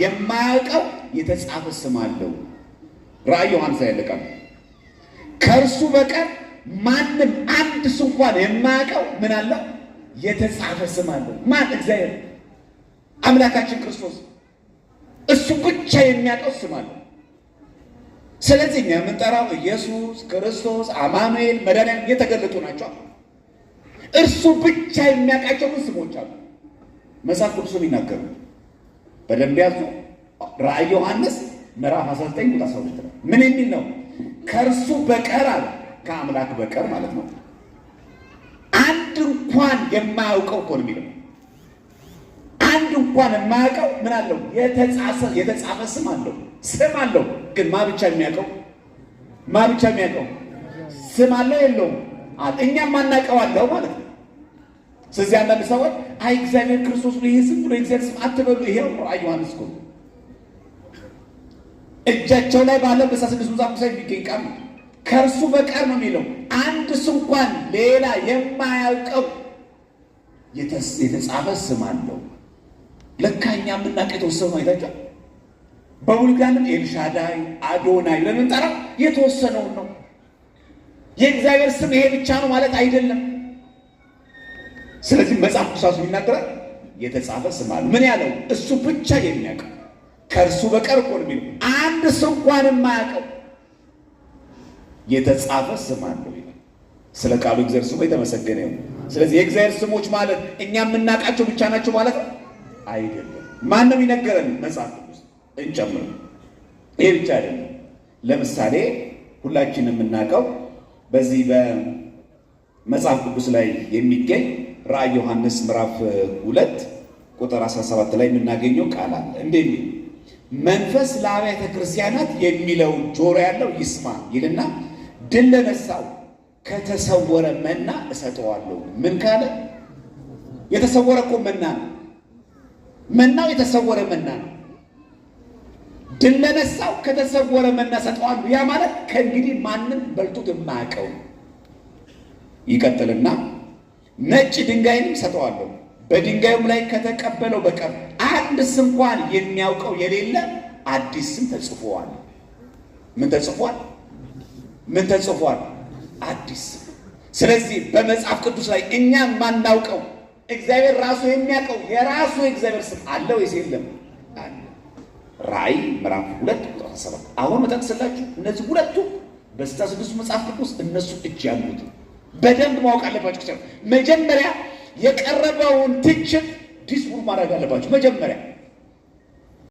የማያውቀው የተጻፈ ስም አለው። ራእይ ዮሐንስ ያለቃል። ከእርሱ በቀር ማንም አንድ ስንኳን የማያውቀው ምን አለው? የተጻፈ ስም አለው። ማን? እግዚአብሔር አምላካችን ክርስቶስ እሱ ብቻ የሚያውቀው ስም አለው። ስለዚህ እኛ የምንጠራው ኢየሱስ ክርስቶስ፣ አማኑኤል፣ መድኃኒዓለም የተገለጡ ናቸው። እርሱ ብቻ የሚያውቃቸው ስሞች አሉ። መጽሐፍ ቅዱስም ይናገሩ በደንብ ያዙ። ራእይ ዮሐንስ ምዕራፍ 19 ቁጥር 12 ነው። ምን የሚል ነው? ከእርሱ በቀር አለ፣ ከአምላክ በቀር ማለት ነው። አንድ እንኳን የማያውቀው እኮ ነው የሚለው። አንድ እንኳን የማያውቀው ምን አለው? የተጻፈ ስም አለው፣ ስም አለው። ግን ማ ብቻ የሚያውቀው ማ ብቻ የሚያውቀው ስም አለው የለውም? እኛም አናውቀው አለው ማለት ነው ስለዚህ አንዳንድ ሰዎች አይ እግዚአብሔር ክርስቶስ ነው ይሄ ስም ብሎ እግዚአብሔር ስም አትበሉ፣ ይሄው ነው ራዕይ ዮሐንስ እኮ እጃቸው ላይ ባለ በሳ ስድስት መጽሐፍ ሳይ የሚገኝ ቃል ከእርሱ በቀር ነው የሚለው አንድ ስንኳን ሌላ የማያውቀው የተጻፈ ስም አለው። ለካ እኛ የምናውቅ የተወሰኑ አይታቸው በውልጋንም ኤልሻዳይ አዶናይ ለምንጠራ የተወሰነውን ነው። የእግዚአብሔር ስም ይሄ ብቻ ነው ማለት አይደለም። ስለዚህ መጽሐፍ ቅዱስ ይናገራል። የተጻፈ ስም አለ። ምን ያለው እሱ ብቻ የሚያውቀው ከእርሱ በቀር እኮ ነው የሚለው አንድ ሰው እንኳን የማያውቀው የተጻፈ ስም አለ። ስለ ቃሉ እግዚአብሔር ስሙ የተመሰገነ ይሁን። ስለዚህ የእግዚአብሔር ስሞች ማለት እኛ የምናውቃቸው ብቻ ናቸው ማለት አይደለም። ማንም ይነገረን መጽሐፍ ቅዱስ እንጨምር። ይሄ ብቻ አይደለም። ለምሳሌ ሁላችን የምናውቀው በዚህ በመጽሐፍ ቅዱስ ላይ የሚገኝ ራእይ ዮሐንስ ምዕራፍ ሁለት ቁጥር 17 ላይ የምናገኘው ቃል አለ እንዴ መንፈስ ለአብያተ ክርስቲያናት የሚለውን ጆሮ ያለው ይስማ ይልና ድል ለነሳው ከተሰወረ መና እሰጠዋለሁ። ምን ካለ የተሰወረ እኮ መና ነው። መናው የተሰወረ መና ነው። ድል ለነሳው ከተሰወረ መና እሰጠዋለሁ። ያ ማለት ከእንግዲህ ማንም በልቶት የማያውቀው ይቀጥልና ነጭ ድንጋይንም ሰጠዋለሁ። በድንጋዩም ላይ ከተቀበለው በቀር አንድ ስንኳን የሚያውቀው የሌለ አዲስ ስም ተጽፎዋል። ምን ተጽፏል? ምን ተጽፏል? አዲስ ስለዚህ በመጽሐፍ ቅዱስ ላይ እኛ የማናውቀው እግዚአብሔር ራሱ የሚያውቀው የራሱ የእግዚአብሔር ስም አለ ወይስ የለም? አለ። ራእይ ምዕራፍ ሁለት ቁጥር ሰባት አሁን መጠቅስላችሁ እነዚህ ሁለቱ በስታ ስድስቱ መጽሐፍ ቅዱስ እነሱ እጅ ያሉት በደንብ ማወቅ አለባችሁ። መጀመሪያ የቀረበውን ትችት ዲስፕሩቭ ማድረግ አለባችሁ መጀመሪያ